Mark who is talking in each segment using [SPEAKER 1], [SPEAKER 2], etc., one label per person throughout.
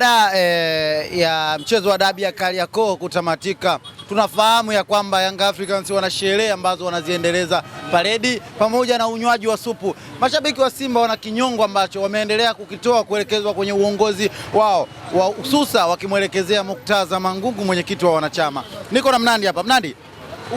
[SPEAKER 1] Baada e, ya mchezo wa dabi ya Kariakoo kutamatika, tunafahamu ya kwamba Young Africans wana sherehe ambazo wanaziendeleza, paredi pamoja na unywaji wa supu. Mashabiki wa Simba wana kinyongo ambacho wameendelea kukitoa kuelekezwa kwenye uongozi wao wa hususa, wakimwelekezea Muktaza Mangungu, mwenyekiti wa wanachama. Niko na Mnandi hapa. Mnandi,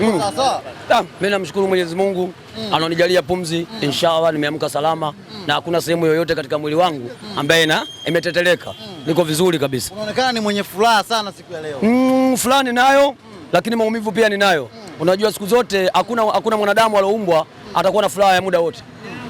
[SPEAKER 2] mm. uko sawa sawa? Ah, mimi namshukuru Mwenyezi Mungu mm. anaonijalia pumzi mm. inshallah nimeamka salama mm. na hakuna sehemu yoyote katika mwili wangu ambaye na imeteteleka mm. niko vizuri kabisa.
[SPEAKER 1] Unaonekana ni mwenye furaha sana siku ya leo.
[SPEAKER 2] Mm, furaha ninayo mm. lakini maumivu pia ninayo mm. Unajua siku zote hakuna, hakuna mwanadamu alioumbwa atakuwa na furaha ya muda wote.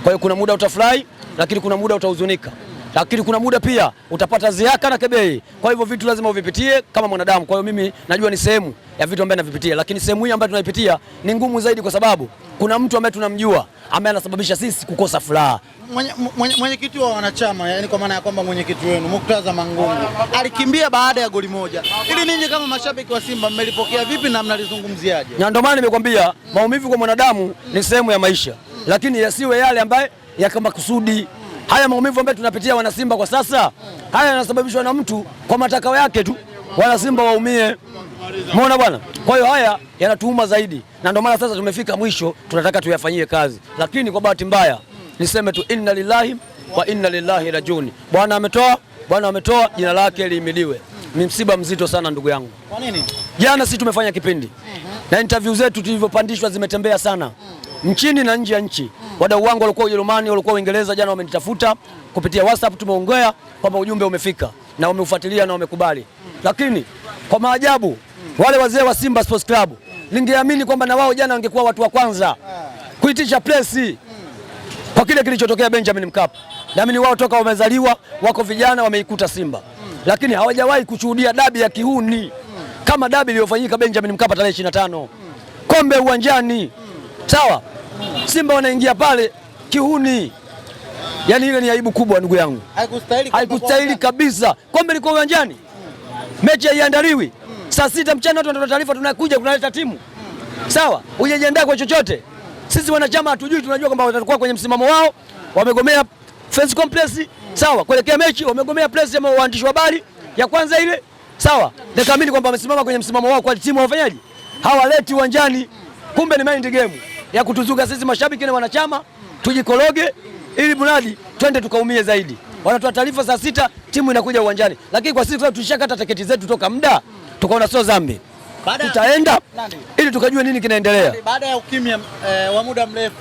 [SPEAKER 2] Kwa hiyo kuna muda utafurahi, lakini kuna muda utahuzunika lakini kuna muda pia utapata ziaka na kebei. Kwa hivyo vitu lazima uvipitie kama mwanadamu. Kwa hiyo mimi najua ni sehemu ya vitu ambavyo navipitia, lakini sehemu hii ambayo tunaipitia ni ngumu zaidi, kwa sababu kuna mtu ambaye tunamjua ambaye anasababisha sisi kukosa furaha.
[SPEAKER 1] Mwenyekiti mwenye, mwenye wa wanachama, yani kwa maana ya kwamba mwenyekiti wenu Muktaza Mangungu alikimbia baada ya goli moja, ili ninyi kama mashabiki wa Simba mmelipokea vipi na mnalizungumziaje?
[SPEAKER 2] Na ndio maana nimekwambia maumivu kwa mwanadamu ni sehemu ya maisha lakini yasiwe yale ambaye yakamakusudi haya maumivu ambayo tunapitia wanasimba kwa sasa, haya yanasababishwa na mtu kwa matakao yake tu, wanasimba waumie. Umeona bwana? Kwa hiyo haya yanatuuma zaidi, na ndio maana sasa tumefika mwisho, tunataka tuyafanyie kazi, lakini kwa bahati mbaya niseme tu inna lillahi wa inna lillahi rajuni Bwana ametoa, Bwana ametoa, jina lake liimiliwe. Ni msiba mzito sana ndugu yangu. Kwa nini? Jana sisi tumefanya kipindi mhm. na interview zetu tulivyopandishwa zimetembea sana nchini na nje ya nchi. Wadau wangu walikuwa Ujerumani, walikuwa Uingereza, jana wamenitafuta kupitia WhatsApp, tumeongea kwamba ujumbe umefika na wameufuatilia na wamekubali. Lakini kwa maajabu wale wazee wa Simba Sports Club, ningeamini kwamba na wao jana wangekuwa watu wa kwanza kuitisha presi kwa kile kilichotokea Benjamin Mkapa. Naamini wao toka wamezaliwa wako vijana, wameikuta Simba, lakini hawajawahi kushuhudia dabi ya kihuni kama dabi iliyofanyika Benjamin Mkapa tarehe 25, kombe uwanjani. Sawa, Simba wanaingia pale kihuni, yaani ile ni aibu kubwa, ndugu yangu, haikustahili kabisa. Kombe liko uwanjani, mechi haiandaliwi saa sita mchana, watu wanatoa taarifa, tunakuja kunaleta timu sawa, hujajiandaa kwa chochote. Sisi wanachama hatujui, tunajua kwamba watakuwa kwenye msimamo wao, wamegomea fence complex sawa, kuelekea mechi wamegomea press ya waandishi wa habari ya kwanza ile sawa, nikaamini kwamba wamesimama kwenye msimamo wao, kwa timu wafanyaji hawaleti uwanjani, kumbe ni mind game ya kutuzuga sisi mashabiki na wanachama tujikoroge, ili mradi twende tukaumie zaidi. Wanatoa taarifa saa sita timu inakuja uwanjani, lakini kwa sisi tulishakata tiketi zetu toka muda, tukaona sio dhambi tutaenda ili tukajue nini kinaendelea
[SPEAKER 1] baada ya ukimya e, wa muda mrefu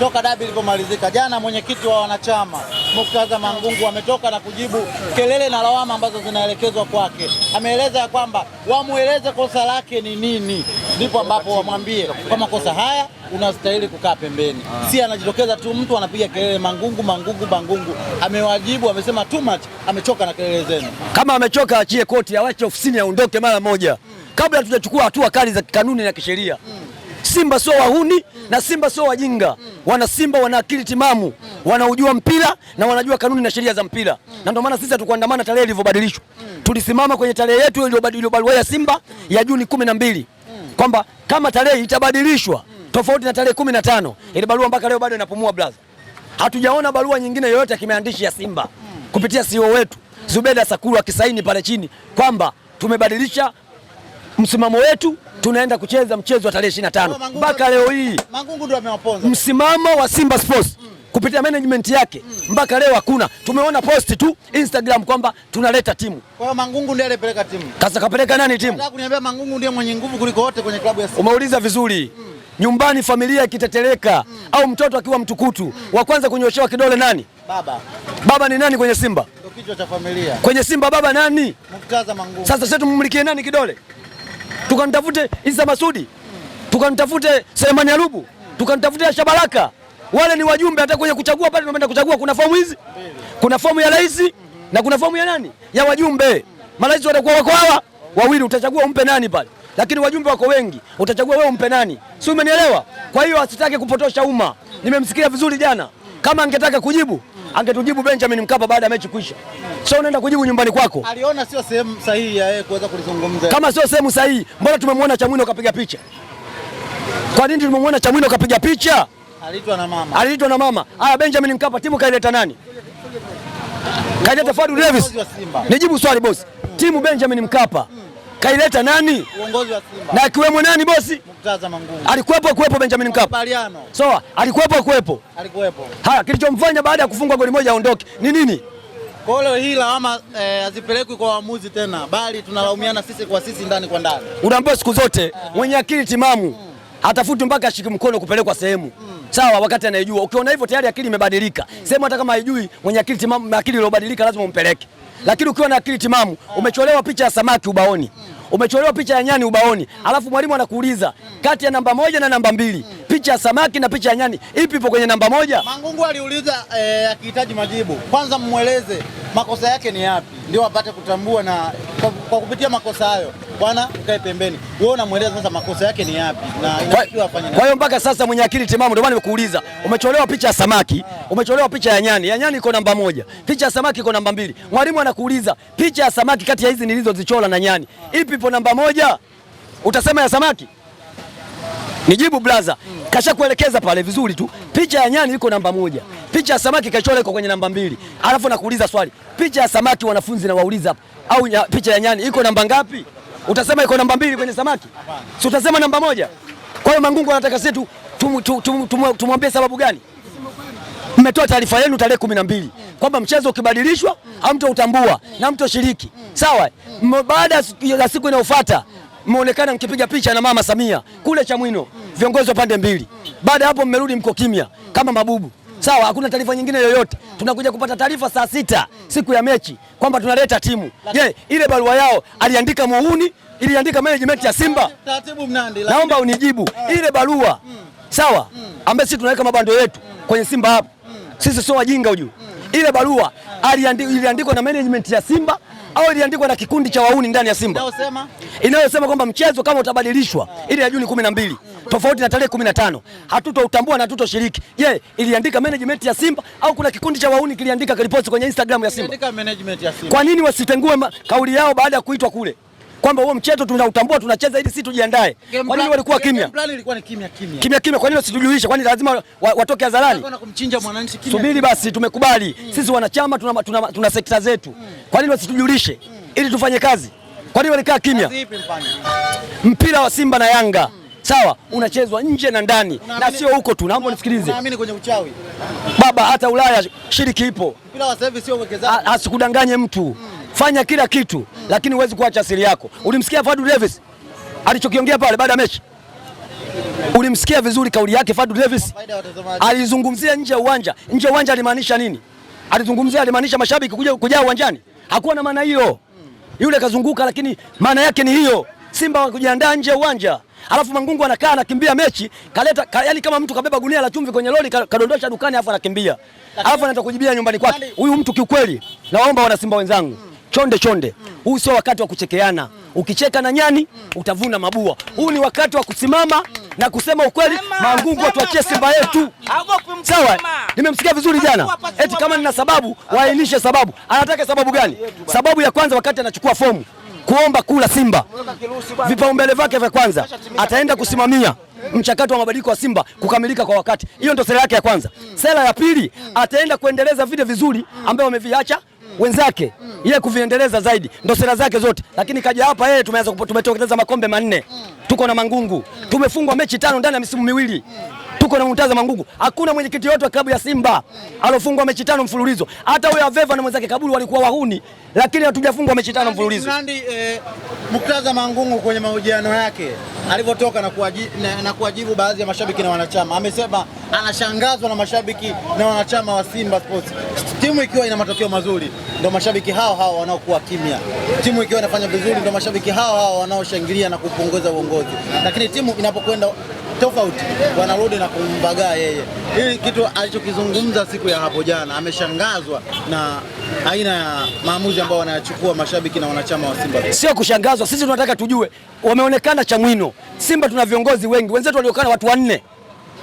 [SPEAKER 1] toka dabi ilipomalizika jana. Mwenyekiti wa wanachama Muktaza Mangungu ametoka na kujibu kelele na lawama ambazo zinaelekezwa kwake. Ameeleza ya kwamba wamweleze kosa lake ni nini, ndipo ambapo wamwambie kwa makosa haya unastahili kukaa pembeni. Ah. Si anajitokeza tu mtu anapiga kelele Mangungu, Mangungu, Mangungu. Amewajibu, amesema too much, amechoka na kelele zenu.
[SPEAKER 2] Kama amechoka, achie koti, awache ofisini, aondoke mara moja. Hmm kabla hatujachukua hatua kali za kanuni na kisheria. mm. Simba sio wahuni mm. na Simba sio wajinga mm. wana Simba wana akili timamu mm. wanaujua mpira na wanajua kanuni na sheria za mpira mm. na ndio maana sisi hatukuandamana tarehe ilivyobadilishwa mm. tulisimama kwenye tarehe yetu iliyobadilishwa ya Simba mm. ya Juni kumi na mbili mm. kwamba kama tarehe itabadilishwa mm. tofauti na tarehe kumi na tano mm. ile barua mpaka leo bado inapumua brother. hatujaona barua nyingine yoyote ya kimaandishi ya Simba mm. kupitia CEO wetu mm. Zubeda Sakuru akisaini pale chini kwamba tumebadilisha msimamo wetu tunaenda kucheza mchezo wa tarehe 25. Mpaka leo hii
[SPEAKER 1] ndio amewaponza
[SPEAKER 2] msimamo wa Simba Sports mm. kupitia management yake mm. mpaka mm. leo hakuna, tumeona post tu Instagram kwamba tunaleta timu.
[SPEAKER 1] Kwa hiyo Mangungu ndiye alipeleka timu.
[SPEAKER 2] Sasa kapeleka nani timu?
[SPEAKER 1] Nataka kuniambia Mangungu ndiye mwenye nguvu kuliko wote kwenye klabu ya Simba.
[SPEAKER 2] Umeuliza vizuri mm. nyumbani familia ikitetereka mm. au mtoto akiwa mtukutu mm. wa kwanza kunyoshewa kidole nani? Baba. Baba ni nani kwenye Simba?
[SPEAKER 1] Ndio kichwa cha familia.
[SPEAKER 2] Kwenye Simba baba nani?
[SPEAKER 1] Mkaza Mangungu.
[SPEAKER 2] Sasa sasa tumumlikie nani kidole? tukamtafute Isa Masudi, tukamtafute Selemani Arubu, tukamtafute Shabalaka. Wale ni wajumbe. Hata kwenye kuchagua pale tunapenda kuchagua, kuna fomu hizi, kuna fomu ya rais na kuna fomu ya nani ya wajumbe. Marais watakuwa wako hawa wawili, utachagua umpe nani pale, lakini wajumbe wako wengi, utachagua wewe umpe nani, si umenielewa? Kwa hiyo asitake kupotosha umma. Nimemsikia vizuri jana, kama angetaka kujibu angetujibu Benjamin Mkapa baada ya mechi kuisha. So unaenda kujibu nyumbani kwako.
[SPEAKER 1] Aliona sio sehemu sahihi ya yeye kuweza kulizungumza.
[SPEAKER 2] Kama sio sehemu sahihi, mbona tumemwona Chamwino kapiga picha? Kwa nini tumemwona Chamwino kapiga picha?
[SPEAKER 1] Aliitwa na mama.
[SPEAKER 2] Aliitwa na mama. Aya, Benjamin Mkapa timu kaileta nani? Kaileta Fadu Davis. Nijibu swali bosi. Timu Benjamin Mkapa hmm kaileta nani?
[SPEAKER 1] Uongozi wa Simba.
[SPEAKER 2] Na akiwemo nani bosi?
[SPEAKER 1] Murtaza Mangungu.
[SPEAKER 2] Alikuwepo kuwepo Benjamin Mkapa. So, alikuwepo kuwepo. Alikuwepo. Haya, kilichomfanya baada ya kufungwa goli moja aondoke ni nini?
[SPEAKER 1] Kwa hii lawama eh, hazipelekwi eh, kwa waamuzi tena, bali tunalaumiana sisi kwa sisi ndani kwa ndani.
[SPEAKER 2] Unaambiwa siku zote eh. mwenye akili timamu hmm. hatafuti mpaka ashiki mkono kupelekwa sehemu mm. Sawa, wakati anaijua Ukiona hivyo tayari akili imebadilika mm. Sehemu hata kama haijui mwenye akili timamu, akili iliyobadilika lazima umpeleke lakini ukiwa na akili timamu, ah. umecholewa picha ya samaki ubaoni, mm. umecholewa picha ya nyani ubaoni, mm. alafu mwalimu anakuuliza kati ya namba moja na namba mbili mm picha ya samaki na picha ya nyani, ipi ipo kwenye namba moja?
[SPEAKER 1] Mangungu aliuliza eh, akihitaji majibu, kwanza mmweleze makosa yake ni yapi, ndio apate kutambua, na kwa, kwa kupitia makosa hayo bwana, ukae pembeni, wewe unamweleza sasa makosa yake ni yapi na inatakiwa afanye nini.
[SPEAKER 2] Kwa hiyo mpaka sasa mwenye akili timamu, ndio maana nimekuuliza, umecholewa picha ya samaki, umecholewa picha ya nyani. Ya nyani iko namba moja, picha ya samaki iko namba mbili. Mwalimu anakuuliza picha ya samaki kati ya hizi nilizozichora na nyani, ipi ipo namba moja? Utasema ya samaki? Nijibu blaza kasha kuelekeza pale vizuri tu. Picha ya nyani iko namba moja, picha ya samaki kachora iko kwenye namba mbili. Alafu nakuuliza swali, picha ya samaki wanafunzi nawauliza hapa, au ya, picha ya nyani iko namba ngapi? Utasema iko namba mbili kwenye samaki, si utasema namba moja? Kwa hiyo Mangungu anataka sisi tu tumwambie sababu gani? Mmetoa taarifa yenu tarehe kumi na mbili kwamba mchezo ukibadilishwa utambua na shiriki sawa. Baada ya siku inayofuata mmeonekana mkipiga picha na mama Samia kule Chamwino viongozi wa pande mbili. Baada ya hapo mmerudi mko kimya kama mabubu. Sawa, hakuna taarifa nyingine yoyote. Tunakuja kupata taarifa saa sita siku ya mechi kwamba tunaleta timu. Je, ile barua yao aliandika muhuni, iliandika management ya Simba? Naomba unijibu ile barua. Sawa, ambaye sisi tunaweka mabando yetu kwenye Simba hapo. Sisi sio wajinga hujui. Ile barua iliandikwa na management ya Simba au iliandikwa na kikundi cha wauni ndani ya Simba inayosema kwamba mchezo kama utabadilishwa ile ya Juni kumi na mbili tofauti na tarehe 15 hatutoutambua na hatutoshiriki. Je, iliandika management ya Simba au kuna kikundi cha wauni kiliandika kiliposti kwenye Instagram ya Simba? Kwa nini wasitengue kauli yao baada ya kuitwa kule kwamba huo mchezo tunautambua, tunacheza ili sisi tujiandae. Kwa nini walikuwa kimya kimya kimya? Kwa nini wasijulishe? Kwani lazima watoke hadharani
[SPEAKER 1] kumchinja mwananchi kimya?
[SPEAKER 2] Subiri basi, tumekubali mm. Sisi wanachama tuna, tuna, tuna sekta zetu mm. Kwa nini wasitujulishe mm. ili tufanye kazi? Kwa nini walikaa kimya? Mpira wa Simba na Yanga mm sawa, unachezwa nje na ndani na sio huko tu. Naomba nisikilize,
[SPEAKER 1] naamini kwenye uchawi
[SPEAKER 2] baba, hata Ulaya shiriki ipo, sio asikudanganye mtu mm. Fanya kila kitu mm. Lakini huwezi kuacha asili yako mm. Ulimsikia Fadu Davis alichokiongea pale baada ya mechi ulimsikia vizuri kauli yake. Fadu Davis alizungumzia nje ya uwanja. Nje ya uwanja alimaanisha nini? Alizungumzia, alimaanisha mashabiki kuja kujaa uwanjani? Hakuwa na maana hiyo, hmm. yule kazunguka, lakini maana yake ni hiyo, Simba wakujiandaa nje ya uwanja alafu Mangungu anakaa anakimbia mechi kaleta ka, yani kama mtu kabeba gunia la chumvi kwenye lori kadondosha dukani afu anakimbia alafu anaenda kujibia nyumbani kwake. Huyu mtu kiukweli, naomba wana Simba wenzangu, mm. chonde chonde, mm. huu sio wakati wa kuchekeana. Mm. Ukicheka na nyani utavuna mabua. Huu ni wakati wa kusimama na kusema ukweli. Mangungu atuachie Simba yetu, sawa? Nimemsikia vizuri jana, eti kama nina sababu waainishe sababu. Anataka sababu gani? Sababu ya kwanza, wakati anachukua fomu kuomba kula Simba. Vipaumbele vyake vya kwanza ataenda kusimamia mchakato wa mabadiliko wa Simba kukamilika kwa wakati. Hiyo ndio sera yake ya kwanza. Mm. Sera ya pili, mm. ataenda kuendeleza vile vizuri mm. ambavyo wameviacha wenzake ile kuviendeleza zaidi, ndo sera zake zote. Lakini kaja hapa yeye, tumeanza tumetokeza makombe manne, tuko na mangungu, tumefungwa mechi tano ndani ya misimu miwili tuko na Murtaza Mangungu. Hakuna mwenyekiti yote wa klabu ya Simba alofungwa mechi tano mfululizo. Hata huyo Aveva na mwenzake Kaburu walikuwa wahuni, lakini hatujafungwa mechi tano mfululizo.
[SPEAKER 1] Eh, Murtaza Mangungu kwenye mahojiano yake alivyotoka na, na, na kuwajibu baadhi ya mashabiki na wanachama, amesema anashangazwa na mashabiki na wanachama wa Simba Sports, timu ikiwa ina matokeo mazuri ndio mashabiki hao hao wanaokuwa kimya, timu ikiwa inafanya vizuri ndio mashabiki hao hao wanaoshangilia na kupongeza uongozi, lakini timu inapokwenda tofauti, wanarudi na kumbagaa yeye. Hili kitu alichokizungumza siku ya hapo jana, ameshangazwa na aina ya maamuzi ambayo wanayachukua mashabiki na wanachama wa Simba.
[SPEAKER 2] Sio kushangazwa, sisi tunataka tujue. Wameonekana Chamwino, Simba tuna viongozi wengi, wenzetu waliokana watu wanne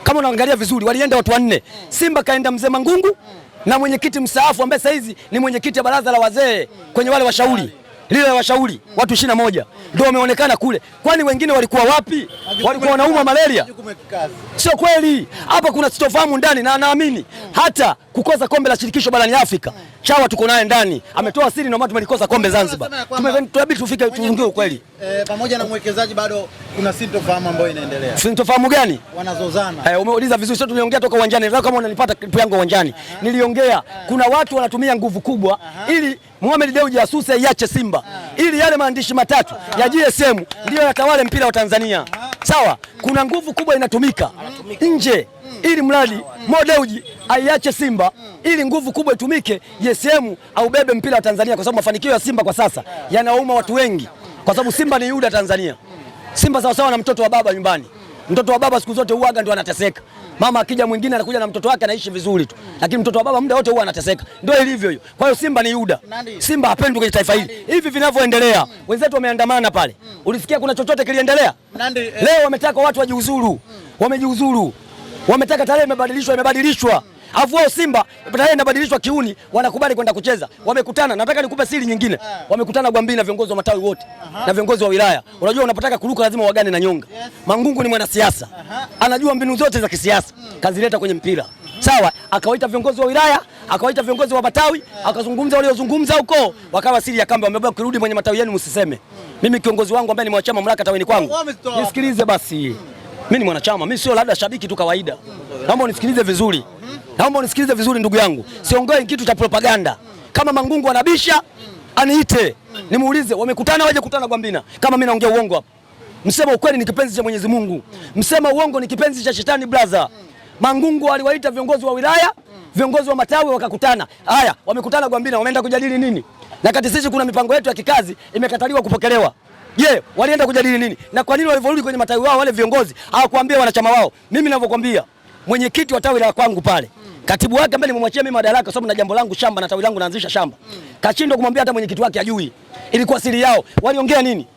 [SPEAKER 2] kama unaangalia vizuri walienda watu wanne. Simba kaenda mzee Mangungu na mwenyekiti mstaafu ambaye saizi ni mwenyekiti ya baraza la wazee kwenye wale washauri lile la washauri watu ishirini na moja ndio wameonekana kule, kwani wengine walikuwa wapi? Walikuwa wanauma malaria? Sio kweli. Hapa kuna sitofahamu ndani, na naamini hata kukosa kombe la shirikisho barani Afrika chawa tuko naye ndani, ametoa siri, ndio maana tumelikosa kombe Zanzibar. Tunabidi tufike tuongee ukweli.
[SPEAKER 1] E, pamoja na mwekezaji bado kuna sintofahamu ambayo inaendelea.
[SPEAKER 2] Sintofahamu gani?
[SPEAKER 1] Wanazozana.
[SPEAKER 2] Eh, umeuliza vizuri, sio tuliongea toka uwanjani. Sasa kama unanipata clip yangu uwanjani. Uh -huh. Niliongea uh -huh. Kuna watu wanatumia nguvu kubwa uh -huh. ili Mohamed Dewji asuse iache Simba uh -huh. ili yale maandishi matatu uh -huh ya GSM ah. ndiyo yatawale mpira wa Tanzania. Ah. Sawa, kuna nguvu kubwa inatumika nje hmm. ili mradi Modeuji aiache Simba hmm. ili nguvu kubwa itumike GSM au bebe mpira wa Tanzania, kwa sababu mafanikio ya Simba kwa sasa ah. yanawauma watu wengi, kwa sababu Simba ni yuda Tanzania. Hmm. Simba sawasawa na mtoto wa baba nyumbani. Mtoto wa baba siku zote huaga ndio anateseka. Mama akija mwingine anakuja na mtoto wake anaishi vizuri tu. Lakini mtoto wa baba muda wote huwa anateseka. Ndio ilivyo hiyo. Kwa hiyo Simba ni Yuda. Simba hapendwi kwenye taifa hili. Hivi vinavyoendelea. Wenzetu wameandamana pale. Ulisikia kuna chochote kiliendelea? Eh. Leo wametaka watu wajiuzuru. Wamejiuzuru. Wametaka tarehe imebadilishwa imebadilishwa. Alafu wao Simba tarehe inabadilishwa kiuni, wanakubali kwenda kucheza. Wamekutana, nataka nikupe siri nyingine. Eh. Wamekutana Gwambili na viongozi wa matawi wote na viongozi wa wilaya. Unajua unapotaka kuruka lazima wagane na nyonga. Mangungu ni mwanasiasa. Anajua mbinu zote za kisiasa. Mm. Kazileta kwenye mpira. Sawa, akawaita viongozi wa wilaya, akawaita viongozi wa matawi, eh. akazungumza waliozungumza huko, wakawa siri ya kambi, wamebeba kurudi kwenye matawi yenu msiseme. Mm. Mimi kiongozi wangu ambaye nimewachia mamlaka tawini kwangu. Nisikilize basi. Mm. Mimi ni mwanachama, mimi sio labda shabiki tu kawaida. Naomba unisikilize vizuri. Mhm. Naomba unisikilize vizuri ndugu yangu, siongee kitu cha propaganda. Kama Mangungu anabisha aniite nimuulize, wamekutana waje kutana Gwambina kama mimi naongea uongo hapa. Msema ukweli ni kipenzi cha Mwenyezi Mungu, msema uongo ni kipenzi cha shetani. Brother Mangungu aliwaita viongozi wa wilaya, viongozi wa matawi wakakutana. Haya, wamekutana Gwambina, wameenda kujadili nini? Na kati sisi kuna mipango yetu ya kikazi imekataliwa kupokelewa. Je, yeah, walienda kujadili nini? Na kwa nini walivyorudi kwenye matawi wao wale viongozi hawakuambia wanachama wao? Mimi ninavyokuambia mwenyekiti wa tawi la kwangu pale katibu wake ambaye nimemwachia mimi madaraka sababu na jambo langu shamba na tawi langu naanzisha shamba mm. Kashindwa kumwambia hata mwenyekiti wake ajui, ilikuwa siri yao. Waliongea nini?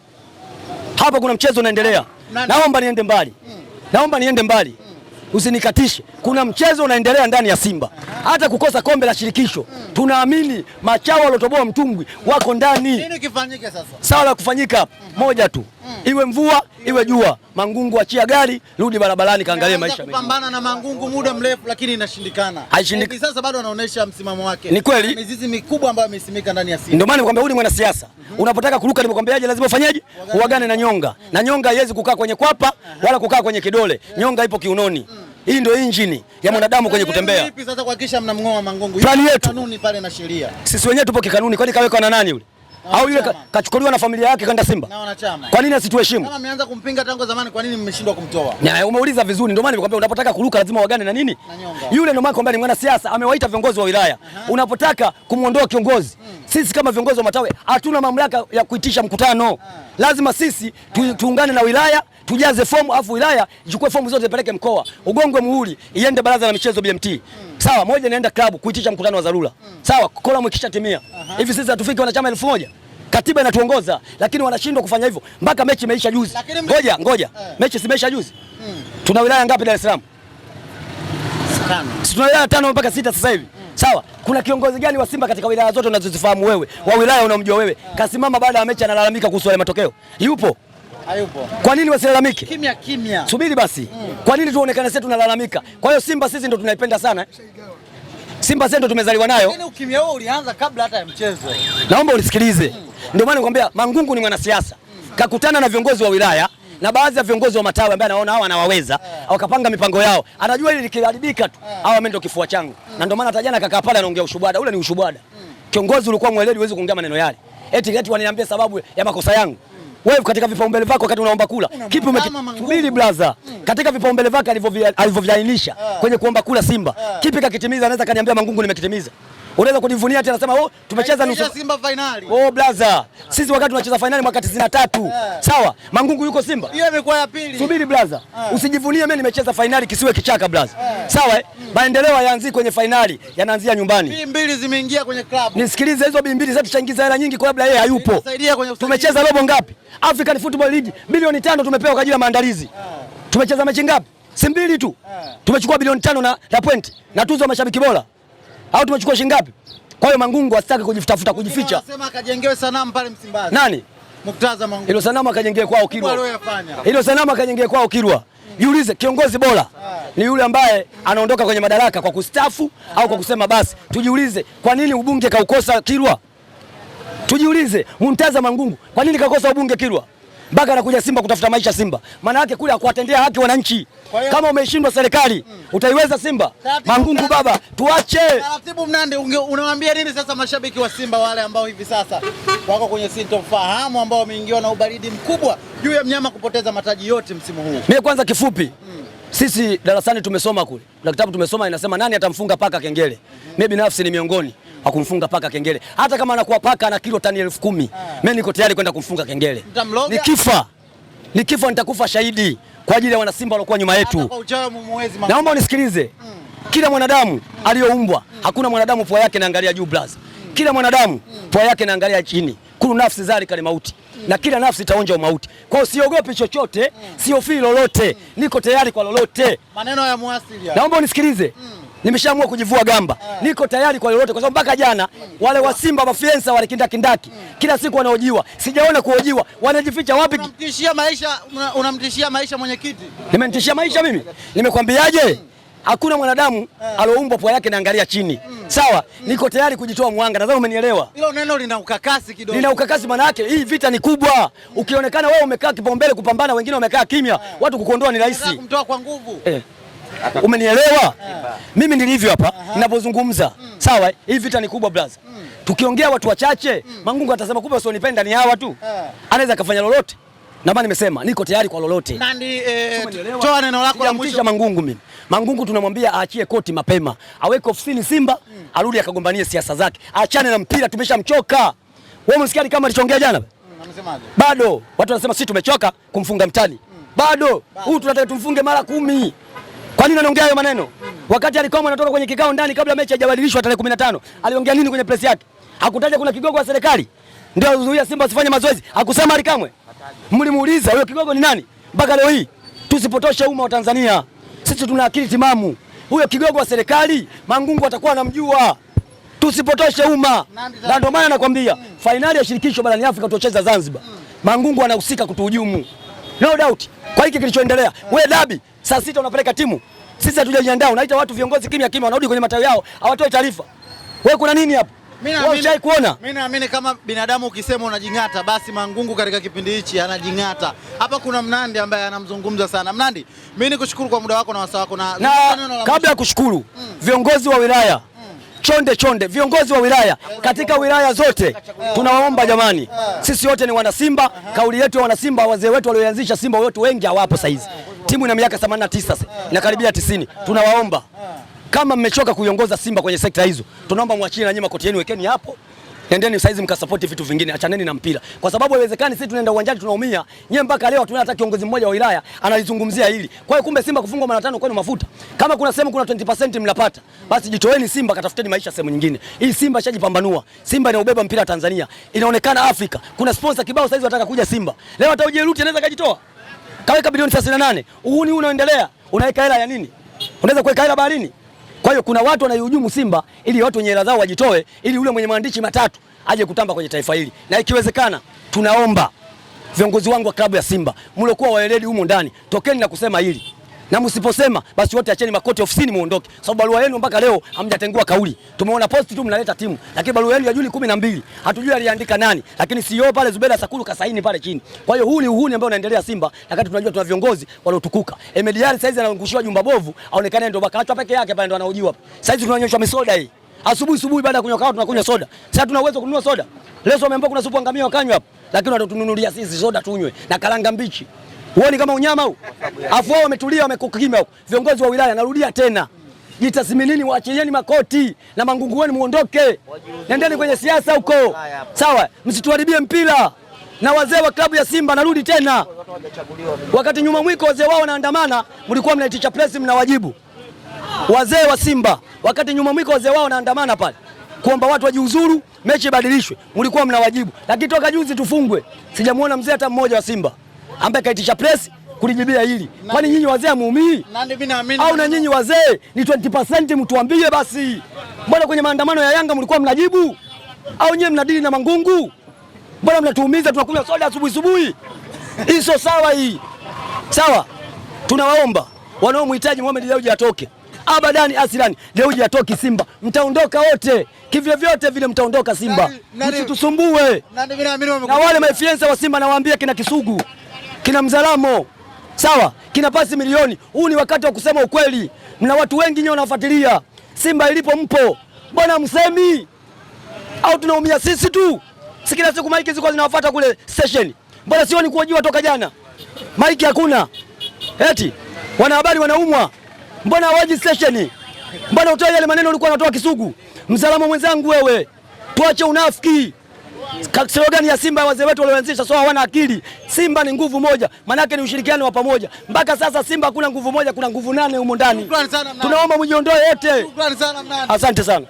[SPEAKER 2] Hapa kuna mchezo unaendelea. Naomba niende mbali mm. Naomba niende mbali mm. Usinikatishe, kuna mchezo unaendelea ndani ya Simba Aha. Hata kukosa kombe la shirikisho mm. Tunaamini machao waliotoboa mtumbwi wako ndani.
[SPEAKER 1] Nini kifanyike sasa?
[SPEAKER 2] Sawa la kufanyika mm -hmm. Moja tu Mm. iwe mvua iwe jua, Mangungu achia gari, rudi barabarani, kaangalie maisha.
[SPEAKER 1] Kupambana na Mangungu muda mrefu, lakini inashindikana. Haishindikani. Sasa bado anaonesha msimamo wake, ni kweli, yaani mizizi mikubwa ambayo imesimika ndani ya siasa.
[SPEAKER 2] Ndio maana nikwambia huyu ni mwanasiasa mm -hmm. unapotaka kuruka, nimekwambiaje, lazima ufanyeje? Uagane na nyonga mm. na nyonga haiwezi kukaa kwenye kwapa wala kukaa kwenye kidole yeah. nyonga ipo kiunoni mm. Hii ndio injini ya mwanadamu kwenye yaani kutembea. Vipi
[SPEAKER 1] sasa kuhakikisha mnamngoa Plani
[SPEAKER 2] yaani yetu, sisi wenyewe tupo kikanuni, kwani kawekwa na nani yule? au yule kachukuliwa na familia yake kaenda Simba na wanachama. Kwa nini asituheshimu? Kama
[SPEAKER 1] mmeanza kumpinga tangu zamani, kwa nini mmeshindwa kumtoa?
[SPEAKER 2] Na umeuliza vizuri, ndio maana nilikwambia unapotaka kuruka lazima wagane na nini na yule, ndio maana ni mwanasiasa amewaita viongozi wa wilaya. Aha. Unapotaka kumwondoa kiongozi hmm. Sisi kama viongozi wa matawi hatuna mamlaka ya kuitisha mkutano. Aha. Lazima sisi tu, tuungane na wilaya tujaze fomu afu wilaya ichukue fomu zote zipeleke mkoa, ugongwe muhuri, iende baraza la michezo BMT. Mm. Sawa, moja inaenda klabu kuitisha mkutano wa dharura. Mm. Sawa, kola mwikisha timia. Hivi uh -huh. sisi hatufiki wanachama elfu moja. Katiba inatuongoza lakini wanashindwa kufanya hivyo mpaka mechi imeisha juzi. Ngoja, ngoja. Uh. Mechi simeisha juzi. Mm. Tuna wilaya ngapi Dar es Salaam? Tano. Tuna wilaya tano mpaka sita sasa hivi. Hmm. Sawa, kuna kiongozi gani wa Simba katika wilaya zote unazozifahamu wewe? Wa hmm. wilaya unamjua wewe. Hmm. Kasimama baada ya mechi analalamika kuhusu yale matokeo. Yupo? hayupo. Kwa nini wasilalamike?
[SPEAKER 1] Kimya kimya.
[SPEAKER 2] Subiri basi mm. Kwa nini tuonekane sisi tunalalamika? Kwa hiyo Simba sisi ndo tunaipenda sana eh? Simba sisi ndo tumezaliwa nayo. Lakini
[SPEAKER 1] ukimya wao ulianza kabla hata ya mchezo.
[SPEAKER 2] Naomba unisikilize mm. Ndio maana nikwambia Mangungu ni mwanasiasa mm. Kakutana na viongozi wa wilaya mm. na baadhi ya viongozi wa matawi ambao anaona hawa anawaweza yeah. Wakapanga mipango yao, anajua ili likiharibika tu yeah. Hawa amendo kifua changu mm. Na ndio maana hata jana kakaa pale anaongea ushubada ule ni ushubada mm. Kiongozi ulikuwa mweledi, huwezi kuongea maneno yale eti eti waniambie sababu ya makosa yangu wewe katika vipaumbele vako wakati unaomba kula kipi umekisubiri brother? mm. katika vipaumbele vako alivyoviainisha yeah. kwenye kuomba kula Simba yeah. kipi kakitimiza? Anaweza kaniambia Mangungu, nimekitimiza unaweza kujivunia tena sema oh, tumecheza nusu
[SPEAKER 1] Simba finali.
[SPEAKER 2] Oh brother, sisi wakati tunacheza finali mwaka 93. Yeah. Sawa, Mangungu yuko Simba.
[SPEAKER 1] Hiyo imekuwa ya pili.
[SPEAKER 2] Subiri brother. Yeah. Usijivunie mimi nimecheza finali kisiwe kichaka brother. Yeah. Sawa eh? Mm. Maendeleo hayaanzi kwenye finali, yanaanzia nyumbani.
[SPEAKER 1] Bii mbili zimeingia kwenye club.
[SPEAKER 2] Nisikilize hizo bii mbili zetu changiza hela nyingi kwa sababu yeye hayupo. Tumecheza robo ngapi? African Football League bilioni tano tumepewa kwa ajili ya maandalizi. Eh. Tumecheza mechi ngapi? Si mbili tu. Eh. Tumechukua bilioni tano na la point na tuzo ya mashabiki bora. Au tumechukua shilingi ngapi? Kwa hiyo Mangungu asitaki kujifutafuta kujificha.
[SPEAKER 1] Anasema akajengewe sanamu pale Msimbazi. Nani? Muktaza Mangungu.
[SPEAKER 2] Hilo sanamu akajengea kwao Kirwa. Hilo sanamu akajengewe kwao Kirwa. Jiulize, mm. kiongozi bora eh. ni yule ambaye anaondoka kwenye madaraka kwa kustafu au kwa kusema basi. Tujiulize, kwa nini ubunge kaukosa Kirwa? Tujiulize, Muntaza Mangungu kwa nini kakosa ubunge Kilwa mpaka anakuja Simba kutafuta maisha Simba? Maana yake kule hakuwatendea haki wananchi. Kama umeshindwa serikali mm, utaiweza Simba? Mangungu baba, tuache taratibu.
[SPEAKER 1] Mnandi, unawaambia nini sasa mashabiki wa Simba wale ambao hivi sasa wako kwenye sintofahamu, ambao wameingiwa na ubaridi mkubwa juu ya mnyama kupoteza mataji yote msimu huu?
[SPEAKER 2] Mimi kwanza kifupi hmm. Sisi darasani tumesoma kule na kitabu tumesoma, inasema nani atamfunga paka kengele. Mimi binafsi ni miongoni akumfunga paka kengele. Hata kama anakuwa paka na kilo tani elfu kumi ah. mimi niko tayari kwenda kumfunga kengele. Nikifa nikifa nitakufa shahidi kwa ajili ya wana Simba waliokuwa nyuma yetu. Naomba unisikilize, mm. kila mwanadamu mm. aliyoumbwa, mm. hakuna mwanadamu pua yake naangalia juu blaza, mm. kila mwanadamu mm. pua yake naangalia chini Kulu nafsi zali kale mauti mm. na kila nafsi itaonja umauti. Kwa hiyo siogopi chochote mm. siofi lolote mm. niko tayari kwa lolote.
[SPEAKER 1] Maneno ya muasili,
[SPEAKER 2] naomba unisikilize mm nimeshaamua kujivua gamba, eh. niko tayari kwa lolote, kwa sababu mpaka jana wale wa Simba mafiensa wale kindakindaki hmm. kila siku wanaojiwa, sijaona kuojiwa. Wanajificha wapi?
[SPEAKER 1] Unamtishia maisha, unamtishia maisha mwenyekiti.
[SPEAKER 2] Nimemtishia maisha mimi? Nimekwambiaje? Hakuna mwanadamu eh. aloumbwa pua yake naangalia chini. Hmm. Sawa, hmm. niko tayari kujitoa mwanga, nadhani umenielewa.
[SPEAKER 1] Hilo neno lina ukakasi kidogo,
[SPEAKER 2] lina ukakasi. Maana yake hii vita ni kubwa. Ukionekana wewe umekaa kipaumbele kupambana, wengine wamekaa kimya, eh. watu kukuondoa ni rahisi,
[SPEAKER 1] kumtoa kwa nguvu
[SPEAKER 2] eh. Umenielewa? Mimi nilivyo hapa ninapozungumza, mm. sawa. Hii vita ni kubwa brother. Mm. Tukiongea watu wachache, mm. Mangungu atasema kumbe usionipenda ni hawa tu, eh. anaweza akafanya lolote. Na maana nimesema niko tayari kwa lolote.
[SPEAKER 1] Eh, toa neno lako
[SPEAKER 2] la mwisho Mangungu. Mimi Mangungu tunamwambia aachie koti mapema, aweke ofisini Simba, arudi akagombanie siasa zake, aachane na mpira, tumeshamchoka. Wewe ni kama alichongea jana Anasemaje? bado watu wanasema sisi tumechoka kumfunga mtani, bado huyu tunataka tumfunge mara kumi. Kwa nini anaongea hayo maneno? Wakati alikuwa anatoka kwenye kikao ndani kabla mechi haijabadilishwa tarehe 15, aliongea nini kwenye press yake? Hakutaja kuna kigogo wa serikali ndio alizuia Simba asifanye mazoezi, hakusema alikamwe. Mlimuuliza huyo kigogo ni nani? Mpaka leo hii tusipotoshe umma wa Tanzania. Sisi tuna akili timamu. Huyo kigogo wa serikali Mangungu atakuwa anamjua. Tusipotoshe umma. Na ndio maana nakwambia mm. Fainali ya shirikisho barani Afrika tutocheza Zanzibar. Mm. Mangungu anahusika kutuhujumu. No doubt. Kwa hiki kilichoendelea, yeah. Wewe dabi saa sita unapeleka timu, sisi hatujajiandaa, unaita watu viongozi kimya kimya, wanarudi kwenye matawi yao, hawatoe taarifa. Wewe kuna nini hapa?
[SPEAKER 1] Mimi naamini kama binadamu ukisema unajing'ata, basi Mangungu katika kipindi hichi anajing'ata. Hapa kuna Mnandi ambaye anamzungumza sana. Mnandi, mimi nikushukuru kwa muda wako na wasaa wako na,
[SPEAKER 2] na kabla ya kushukuru mm, viongozi wa wilaya mm, chonde chonde, viongozi wa wilaya eh, katika wilaya zote tunawaomba eh. jamani, eh. sisi wote ni Wanasimba. Kauli yetu ya Wanasimba, wazee wetu walioanzisha Simba wote wengi hawapo saizi timu ina miaka 89 na karibia 90. Tunawaomba kama mmechoka kuiongoza Simba kwenye sekta hizo, tunaomba mwachie na nyima koti yenu, wekeni hapo Endeni saizi mkasapoti vitu vingine, achaneni na mpira, kwa sababu haiwezekani sisi tunaenda uwanjani tunaumia. Nyie mpaka leo hatuna hata kiongozi mmoja wa wilaya analizungumzia hili. Kwa hiyo kumbe Simba kufungwa mara tano kwenu mafuta. Kama kuna sehemu kuna 20% mnapata, basi jitoeni Simba, katafuteni maisha sehemu nyingine. Hii Simba shajipambanua. Simba inaubeba mpira Tanzania, inaonekana Afrika. Kuna sponsor kibao saizi wataka kuja Simba leo, hata Ujeruti anaweza kujitoa kaweka bilioni 38. Uhuni huu unaoendelea unaweka hela ya nini? Unaweza kuweka hela baharini. Kwa hiyo kuna watu wanaihujumu Simba ili watu wenye hela zao wajitoe, ili ule mwenye maandishi matatu aje kutamba kwenye taifa hili, na ikiwezekana, tunaomba viongozi wangu wa klabu ya Simba mliokuwa waeledi humo ndani, tokeni na kusema hili na msiposema basi wote acheni makoti ofisini muondoke, sababu barua yenu mpaka leo hamjatengua kauli. Tumeona posti tu mnaleta timu, lakini barua yenu ya Juli kumi na mbili hatujui aliandika nani, lakini CEO pale Zubeda Sakulu kasaini pale chini. Kwa hiyo huu ni uhuni ambao unaendelea Simba, wakati tunajua tuna viongozi waliotukuka. Ahmed Ally saizi anaangushiwa jumba bovu, aonekane ndio baka peke yake pale, ndio anaojiwa saizi. Tunanyoshwa misoda hii asubuhi asubuhi, baada ya kunywa kahawa tunakunywa soda. Sasa tuna uwezo kununua soda leo, wameambiwa kuna supu angamia wakanywa hapo, lakini watatununulia sisi soda tunywe na karanga mbichi. Huoni kama unyama huu? Afu wao wametulia wamekukimia huko. Viongozi wa wilaya narudia tena. Jitathminini, waachilieni makoti na mangungu wenu muondoke. Nendeni kwenye siasa huko. Sawa, msituharibie mpira. Na wazee wa klabu ya Simba narudi tena. Wakati nyuma mwiko wazee wao wanaandamana, mlikuwa mnaitisha press mnawajibu. Wazee wa Simba, wakati nyuma mwiko wazee wao wanaandamana pale kuomba watu wajiuzuru, mechi ibadilishwe, mlikuwa mnawajibu. Lakini toka juzi tufungwe, sijamuona mzee hata mmoja wa Simba ambaye kaitisha press kulijibia hili. Kwani nyinyi wazee hamuumii au? Na nyinyi wazee ni 20% mtuambie basi, mbona kwenye maandamano ya Yanga mlikuwa mnajibu? Au nyewe mnadili na mangungu? Mbona mnatuumiza, tunakunywa soda asubuhi asubuhi? Hii sio sawa, hii sawa. Tunawaomba wanaomhitaji Mohamed Dewji atoke abadani asilani. Dewji atoki Simba, mtaondoka wote kivyo vyote vile, mtaondoka Simba, msitusumbue. Na wale maefiensa wa Simba nawaambia kina Kisugu kina Mzalamo sawa, kina pasi milioni. Huu ni wakati wa kusema ukweli. Mna watu wengi nyewe wanafuatilia Simba ilipo, mpo mbona msemi? Au tunaumia sisi tu? Si kila siku maiki ziko zinawafuata kule station, mbona sioni kuojiwa toka jana? Maiki hakuna eti wanahabari wanaumwa, mbona hawaji station? Mbona utoe yale maneno ulikuwa unatoa Kisugu? Mzalamo mwenzangu, wewe tuache unafiki. Slogan ya Simba wazee wetu walioanzisha, so hawana akili. Simba ni nguvu moja, maana yake ni ushirikiano wa pamoja. Mpaka sasa Simba kuna nguvu moja, kuna nguvu nane humo ndani. Tunaomba mjiondoe yote. Asante sana.